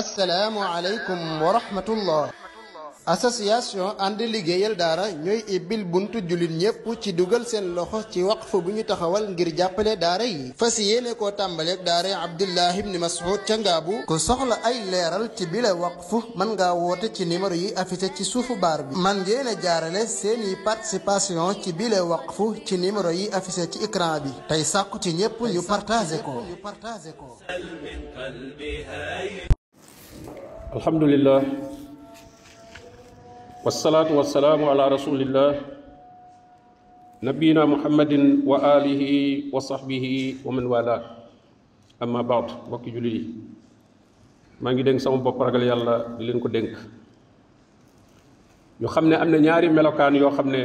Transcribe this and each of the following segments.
asalaamualeykum wa rahmatullah association ànd liggéeyal daara ñooy ibbil buntu jullit ñépp ci dugal seen loxo ci waqfu bu ñu taxawal ngir jàppale daara yi fas yéene koo tàmbaleeg daara abdullah ibn mas'ud ca ngaabu ku soxla ay leeral ci bile waqf mën ngaa woote ci numéro yi affiché ci suufu baar bi man ngeen a jaarale seeni participation ci bile waqfu ci numéro yi affiché ci écran bi tey sàkku ci ñépp ñu partagé ko alhamdulillah wasalaatu wasalaamu ala rasulillah nabiyina muhammadin wa alihi wa sahbihi wa man wala amma baad mbokki jullit yi maa ngi dénk sama bopp ragal yàlla di leen ko dénk ñu xam ne am na ñaari melokaan yoo xam ne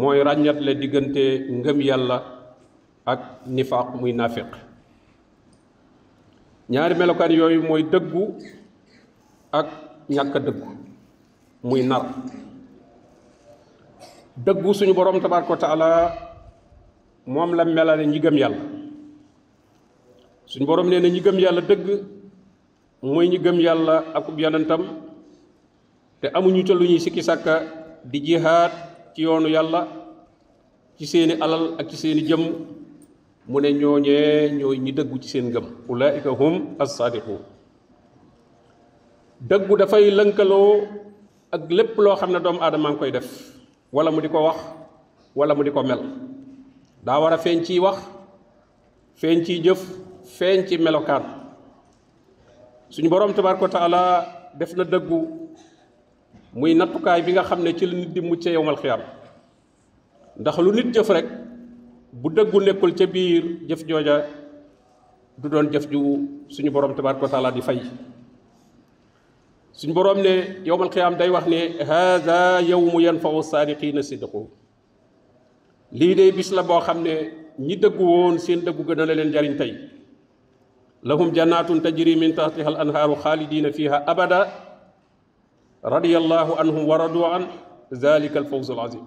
mooy ràññatle diggante ngëm yàlla ak nifaaq muy naafiq ñaari melokaan yooyu mooy dëggu ak ñàkk dëggu muy nar dëggu suñu borom tabaaraka wa taala moom la melale ñi gëm yàlla suñu borom nee na ñi gëm yàlla dëgg mooy ñi gëm yàlla akub yanantam te amuñu ca lu ñuy sikki sàkka di jihaad ci yoonu yàlla ci seeni alal ak ci seeni jëmm mu ne ñooñee ñooy ñi dëggu ci seen ngëm ulaika hum as dëggu dafay lënkaloo ak lépp loo xam ne doomu aadama ngi koy def wala mu di ko wax wala mu di ko mel daa war a feeñ ciy wax feeñ ciy jëf feeñ ci melokaan suñu boroom tabaaraka wa taala def na dëggu muy nattukaay bi nga xam ne ci la nit di mucce yowmal xiyaam ndax lu nit jëf rek bu dëggu nekkul ca biir jëf jooja du doon jëf ju suñu borom tabaraka wa taala di fay suñu borom ne yowmal day wax ne haada yowmu yanfau saadiqina sidqu lii de bis la boo xam ne ñi dëggu woon seen dëggu gën leen jariñ tey lahum janaatu tajri min tahtiha al anhaaru xaalidina fiha abada radiallahu anhum wa radu an zalika fawzu al azim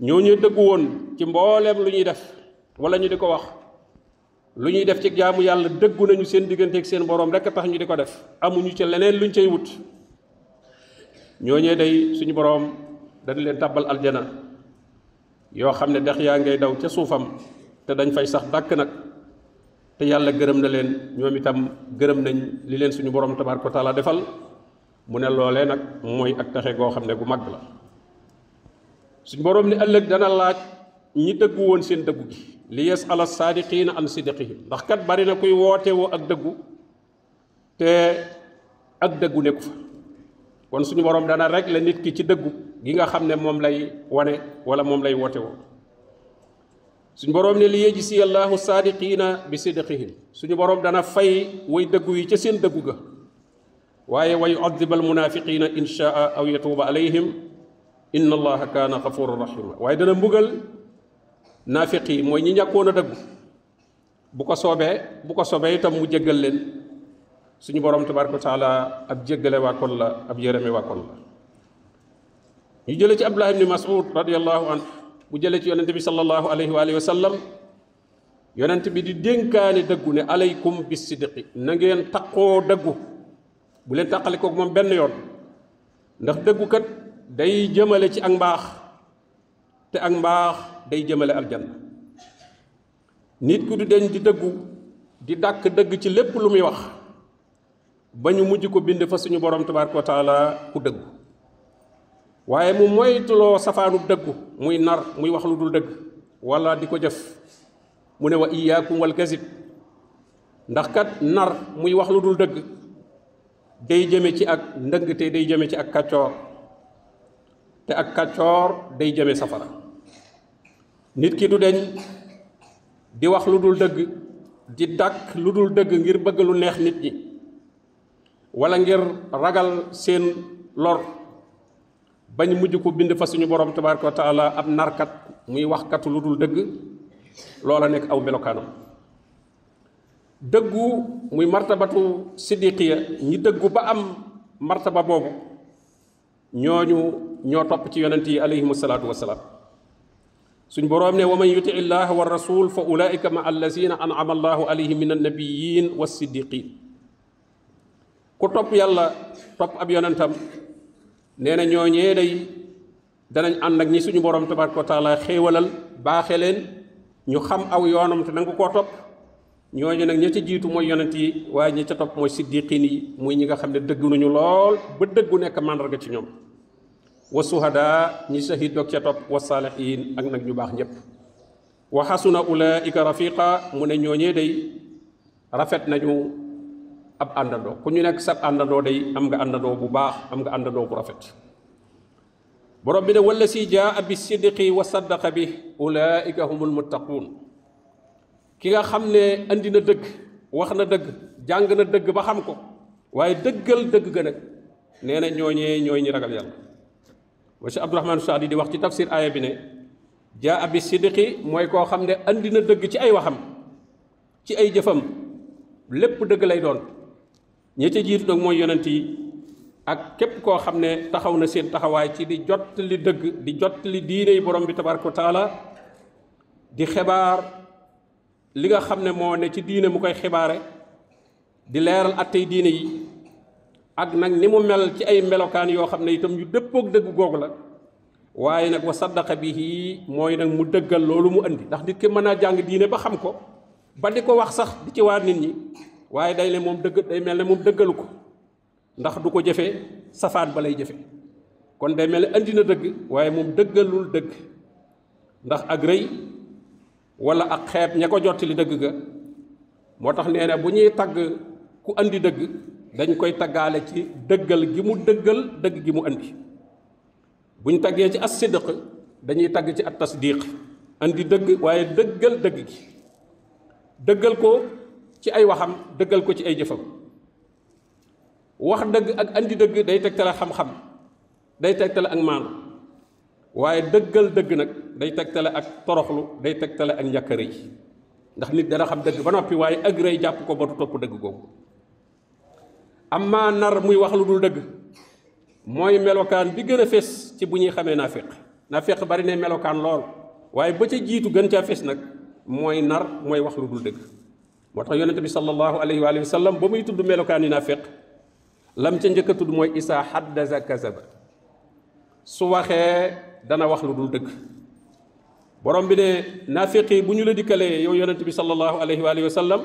ñooñu dëggu woon ci mbooleem lu ñuy def wala ñu di ko wax lu ñuy def ci jaamu yàlla dëggu nañu seen diggante ak seen boroom rekk tax ñu di ko def amuñu ca leneen ñu cay wut ñoo ñooñee day suñu boroom dañ leen tàbbal aljana yoo xam ne dex yaa ngay daw ca suufam te dañ fay sax dàkk nag te yàlla gërëm na leen ñoom itam gërëm nañ li leen suñu boroom tabaaraka wa taala defal mu ne loolee nag mooy ak taxe goo xam ne gu màgg la suñ boroom ne ëllëg dana laaj ñi dëggu woon seen dëggu gi li yes ala saadiqiina an sidqihim ndax kat bari na kuy woote woo ak dëggu te ak dëggu nekku fa kon suñu boroom dana rek la nit ki ci dëggu gi nga xam ne moom lay wane wala moom lay woote woo suñu boroom ne li yejsi allahu saadiqiina bi sidqihim suñu boroom dana fay way dëggu yi ca seen dëggu ga waaye way yuadibal munaafiqiina in shaa aw yatuuba alayhim inna allaha kaana xafuran rahima waaye dana mbugal naafiq yi mooy ñi ñàkkoon a dëggu bu ko soobee bu ko soobee itam mu jéggal leen suñu boroom tabaraka wa taala ab jéggale waa kon la ab yërëme waa kon la ñu jële ci abdullah ibni mas'ud radiallahu anhu bu jële ci yonent bi sallallahu alayhi wa alihi yonent bi di dénkaane dëggu ne aleykum bis sidqi na ngeen taqoo dëggu bu leen tàqalikook moom benn yoon ndax dëggukat day jëmale ci ak mbaax te ak mbaax day jëmale aljanna nit ku du deñ di dëggu di dàkk dëgg ci lépp lu muy wax ba ñu mujj ko bind fa suñu borom tabaaraka wa taala ku dëggu waaye mu moytuloo safaanu dëggu muy nar muy wax lu dul dëgg wala di ko jëf mu ne wa iyaakum wal ndax kat nar muy wax lu dul dëgg day jëme ci ak ndëngte day jëme ci ak kàccoor te ak kàccoor day jëme safara nit ki du deñ di wax lu dul dëgg di dàkk lu dul dëgg ngir bëgg lu neex nit ñi wala ngir ragal seen lor bañ mujj ko bind fa suñu borom tabaraka wa ab narkat muy waxkat lu dul dëgg loola nekk aw melokaanam dëggu muy martabatu siddiqiya ñi dëggu ba am martaba boobu ñooñu ñoo topp ci yonent yi alayhimu salaatu wasalaam suñ boroom ne wa man yuti illah wa rasul fa ulaika ma allazina an'ama allahu alayhim min annabiyin wa siddiqin ku topp yàlla topp ab yonentam nee na ñooñee day danañ ànd ak ñi suñu boroom tabaraka wa taala xéewalal baaxe leen ñu xam aw yoonam te nangu koo topp ñooñu nag ña jiitu mooy yonent yi waaye ña ca topp mooy siddiqin yi muy ñi nga xam ne dëggu nañu lool ba dëggu nekk màndarga ci ñoom wa suhada ñi shahid doog ca topp wa saalihin ak nag ñu baax ñépp wa xasuna ulaika rafiqa mu ne ñooñee day rafet nañu ab àndandoo ku ñu nekk sab àndandoo day am nga àndandoo bu baax am nga àndandoo bu rafet borom bi ne wala si jaa bi sidqi bi saddaqa bi ulaika humul muttaquun ki nga xam ne andi na dëgg wax na dëgg jàng na dëgg ba xam ko waaye dëggal dëgg ga nag nee na ñooñee ñooy ñi ragal yàlla wa si Abdourahmaan Saadi di wax ci tafsir aaya bi ne jaa abi mooy koo xam ne andi na dëgg ci ay waxam ci ay jëfam lépp dëgg lay doon ñi ca jiitu nag mooy yonent yi ak képp koo xam ne taxaw na seen taxawaay ci di jot li dëgg di jot li diine yi borom bi tabaraka wa taala di xibaar li nga xam ne moo ne ci diine mu koy xibaare di leeral attey diine yi ak nag ni mu mel ci ay melokaan yoo xam ne itam yu dëppook dëgg googu la waaye nag wa bi bihi mooy nag mu dëggal loolu mu indi ndax nit ki mën naa jàng diine ba xam ko ba di ko wax sax di ci waar nit ñi waaye day ne moom dëgg day mel ne moom dëggalu ko ndax du ko jëfee safaan ba lay jëfe kon day mel ne andi na dëgg waaye moom dëggalul dëgg ndax ak rëy wala ak xeeb ña ko jottali dëgg ga moo tax nee na bu ñuy tagg ku andi dëgg dañ koy taggaale ci dëggal gi mu dëggal dëgg gi mu andi buñ taggee ci as sidq dañuy tagg ci at tasdiq andi dëgg waaye dëggal dëgg gi dëggal ko ci ay waxam dëggal ko ci ay jëfam wax dëgg ak indi dëgg day tegtale xam-xam day tegtale ak maanu waaye dëggal dëgg nag day tegtale ak toroxlu day tegtale ak njàkk rëy ndax nit dana xam dëgg ba noppi waaye ak rëy jàpp ko ba du topp dëgg googu am maa nar muy wax lu dul dëgg mooy melokaan bi gën a fés ci bu ñuy xamee naaféq naaféq bari ne melokaan lool waaye ba ca jiitu gën caa fés nag mooy nar mooy wax lu dul dëgg moo tax yonente bi sallallahu alayhi wa sallam ba muy tudd melokaan yi naaféq lam ca njëkk a tudd mooy isaa haddasa kasaba su waxee dana wax lu dul dëgg borom bi ne naaféq yi bu ñu la dikkalee yow yonente bi sallallahu alayhi wa sallam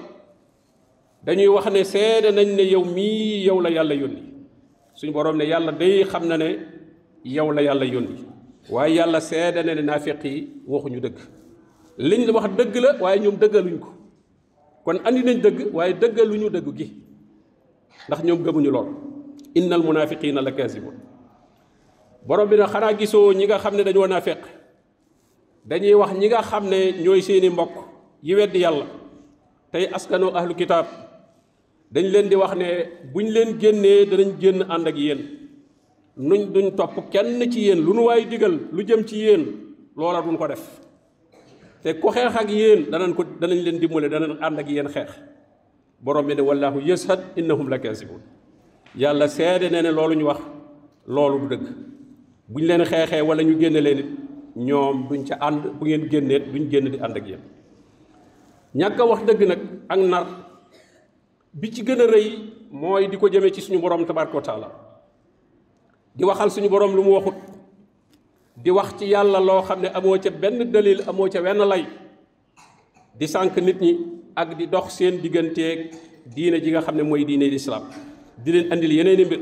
dañuy wax ne seede nañ ne yow mii yow la yàlla yónni suñu boroom ne yàlla day xam na ne yow la yàlla yónni waaye yàlla seede na ne naafiq waxuñu dëgg liñ la wax dëgg la waaye ñoom dëggaluñ ko kon andi nañ dëgg waaye dëggaluñu dëgg gi ndax ñoom gëmuñu lool innal na la kaasibuun boroom bi na xanaa gisoo ñi nga xam ne dañoo naafeq dañuy wax ñi nga xam ne ñooy seeni mbokk yi weddi yàlla tey askano ahlu kitaab dañ leen di wax ne bu buñ leen génnee danañ génn ànd ak yéen nuñ duñ topp kenn ci yéen lu nu waay digal lu jëm ci yéen loola duñ ko def te ku xeex ak yéen danañ ko danañ leen dimbale danañ ànd ak yéen xeex borom bi ne wallaahu yashhad innahum la kaasibun yàlla seede ne ne loolu ñu wax loolu du dëgg buñ leen xeexee wala ñu génne leen it ñoom duñ ca ànd bu ngeen génneet duñ génn di ànd ak yéen ñàkk a wax dëgg nag ak nar bi ci gën a rëy mooy di ko jëmee ci suñu boroom tabaraka wa di waxal suñu boroom lu mu waxut di wax ci yàlla loo xam ne amoo ca benn dalil amoo ca wenn lay di sànq nit ñi ak di dox seen digganteek diine ji nga xam ne mooy diine lislaam di leen indil yeneen i mbir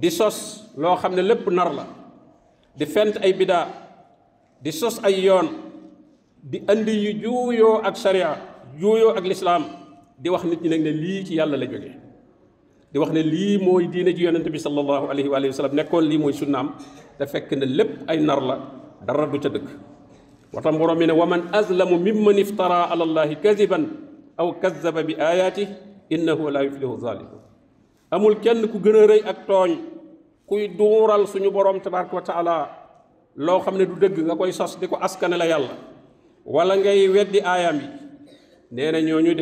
di sos loo xam ne lépp nar la di fent ay bidaa di sos ay yoon di andi yu juuyoo ak sharia juuyoo ak lislaam di wax nit ñi nag ne lii ci yàlla la jóge di wax ne lii mooy diine ji yonent bi sallallahu alayhi wa sallam nekkoon lii mooy sunnaam te fekk na lépp ay nar la dara du ca dëgg watam borom mi ne wa man azlamu mimman iftara ala allahi kadiban aw kazaba bi ayaatih innahu la yuflihu zalimun amul kenn ku gën a rëy ak tooñ kuy duural suñu borom tabaraka wa taala loo xam ne du dëgg nga koy sos di ko askane la yàlla wala ngay weddi aayaam yi nee na ñooñu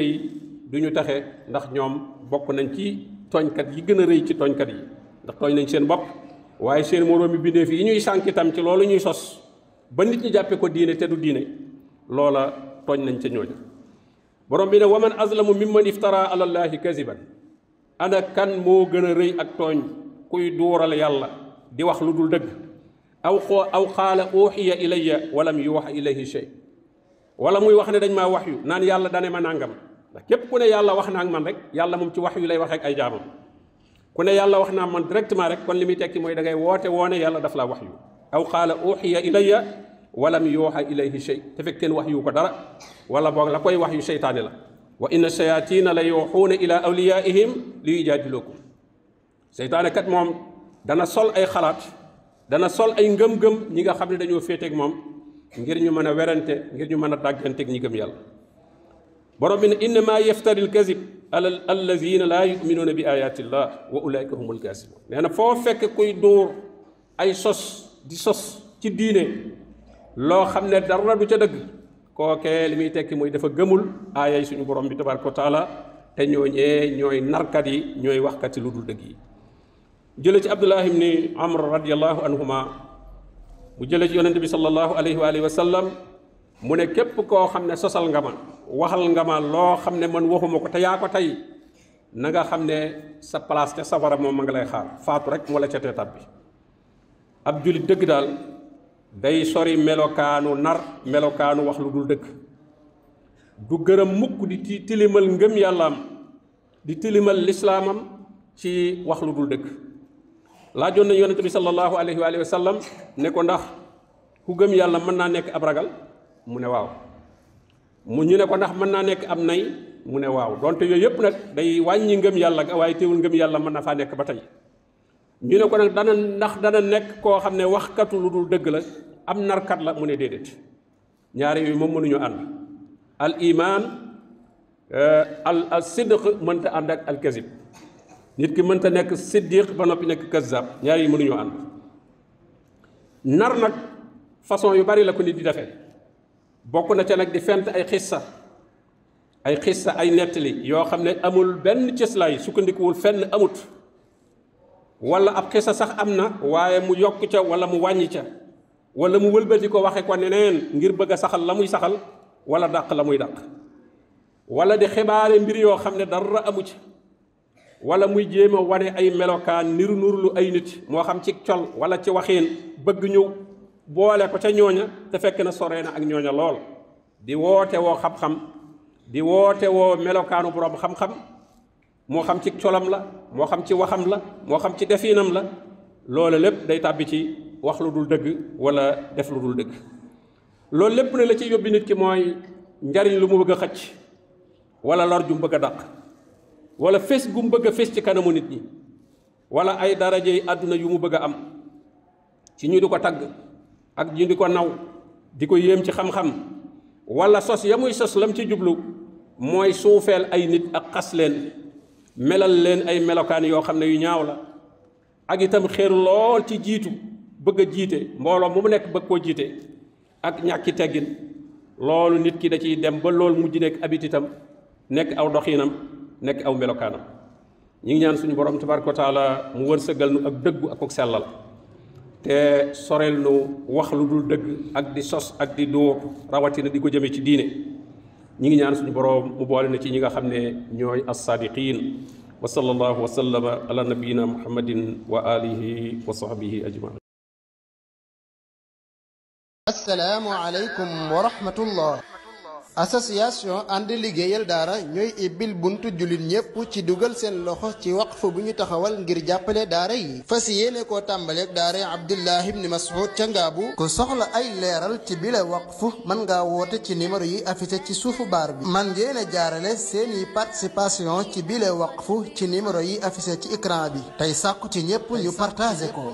du ñu taxe ndax ñoom bokk nañ ci tooñkat yi gën a rëy ci tooñkat yi ndax tooñ nañ seen bopp waaye seen moroomi bindeef yi ñuy sànk itam ci loolu ñuy sos ba nit ñi jàppee ko diine te du diine loola tooñ nañ ca ñooñu borom bi ne waman azlamu mimman iftara alallaahi kaziban ana kan moo gën a rëy ak tooñ kuy duural yàlla di wax lu dul dëgg aw xoo aw xaala uuxiya ilayya walam yuwax ilayhi shay wala muy wax ne dañ maa wax yu naan yàlla dane ma nàngam ndax képp ku ne yàlla wax naa ak man rek yàlla moom ci wax yu lay waxee rek ay jaamam ku ne yàlla wax naa man directement rek kon li muy tekki mooy da ngay woote woone yàlla daf laa wax yu aw qaala uxiya ilayya walam yooxa ilayhi shay te fekk kenn wax yu ko dara wala boog la koy wax yu seytaane la wa inna shayatina la yooxuuna ila awliyaihim li yujaadilookum seytaane kat moom dana sol ay xalaat dana sol ay ngëm-ngëm ñi nga xam ne dañoo féeteeg moom ngir ñu mën a werante ngir ñu mën a dàgganteeg ñi gëm yàlla borom bi ne innama yaftari l kasib ala allazina laa yuminuuna bi ayatillah wa ulaika hum nee na foo fekk kuy dóor ay sos di sos ci diine loo xam ne dara du ca dëgg kookee li muy tekki mooy dafa gëmul aayay suñu borom bi tabaraka wa taala te ñooñee ñooy narkat yi ñooy waxkat yi lu dul dëgg yi jële ci abdullah ibni amr radiallahu anhuma mu jële ci yonente bi sallallahu alayhi wa wa sallam mu ne képp koo xam ne sosal nga ma waxal nga ma loo xam ne man waxuma ko te yaa ko tey na nga xam ne sa place ca safara moom ma nga lay xaar faatu rek moo la ca teetab bi ab jullit dëgg daal day sori melokaanu nar melokaanu wax lu dul dëgg du gërëm mukk di tilimal ngëm yàllaam di tilimal lislaamam ci wax lu dul dëgg laajoon nañu yonente bi sallallahu alayhi wa sallam ne ko ndax ku gëm yàlla mën naa nekk ab ragal mu ne waaw mu ñu ne ko ndax mën naa nekk am nay mu ne waaw donte yooyu yëpp nag day wàññi ngëm yàlla ga waaye teewul ngëm yàlla mën na faa nekk ba tey ñu ne ko nag dana ndax dana nekk koo xam ne waxkatu lu dul dëgg la am narkat la mu ne déedéet ñaar yooyu moom mënuñoo ànd al imaan euh, al al sidq mënta ànd ak al kazib nit ki mënta nekk siddiq ba noppi nekk kazzab ñaari yi mënuñoo ànd nar nag façon yu bari la ko nit di defee bokk na ca nag di fent ay xissa ay xissa ay nettali yoo xam ne amul benn cëslaay sukkandikuwul fenn amut wala ab xissa sax am na waaye mu yokk ca wala mu wàññi ca wala mu wëlbati ko waxe ko neneen ngir bëgg a saxal la muy saxal wala dàq la muy dàq wala di xibaare mbir yoo xam ne dara amu ci wala muy jéem a wane ay melokaan niru nurlu ay nit moo xam ci col wala ci waxiin bëgg ñëw boole ko ca ñooña te fekk na soree na ak ñooña lool di woote woo xam-xam di woote woo melokaanu borom xam-xam moo xam ci colam la moo xam ci waxam la moo xam ci defiinam la loolu lépp day tàbbi ci wax lu dul dëgg wala def lu dul dëgg loolu lépp ne la ci yóbbi nit ki mooy njariñ lu mu bëgg a xëcc walla lor ju mu bëgg a dàq wala fés gu a fés ci kanamu nit ñi wala ay daraje yi àdduna yu mu bëgg a am ci ñu di ko tagg ak ñu di ko naw di ko yéem ci xam-xam wala sos ya muy sos lam ci jublu mooy suufeel ay nit ak xas leen melal leen ay melokaan yoo xam ne yu ñaaw la ak itam xéeru lool ci jiitu bëgg a jiite mbooloo mu nekk bëgg koo jiite ak ñàkki teggin loolu nit ki da ciy dem ba lool loolu mujj nekk abititam nekk aw doxiinam nekk aw melokaanam ñi ngi ñaan suñu borom tabaraka wa mu mu wërsëgal nu ak dëggu ak ak sellal te soreel nu wax lu dul dëgg ak di sos ak di dóor rawatina di ko jëme ci diine ñi ngi ñaan suñu boroom mu boole na ci ñi nga xam ne ñooy as-saadiqiin wa sallallahu wa sallama ala nabiyyina muhammadin wa alihi wa sahbihi ajmain assalaamu aleykum association ànd liggéeyal daara ñooy ibbil buntu jullit ñépp ci dugal seen loxo ci waqf bu ñu taxawal ngir jàppale daara yi fas yéene koo tàmbaleeg daara Abdullahi ibn Mas'ud ca Ngaabu ku soxla ay leeral ci bile waqf mën nga woote ci numéro yi affiché ci suufu baar bi man ngeen jaarale seeni participation ci bile waqf ci numéro yi affiché ci ecran bi tey sàkku ci ñépp ñu partagé ko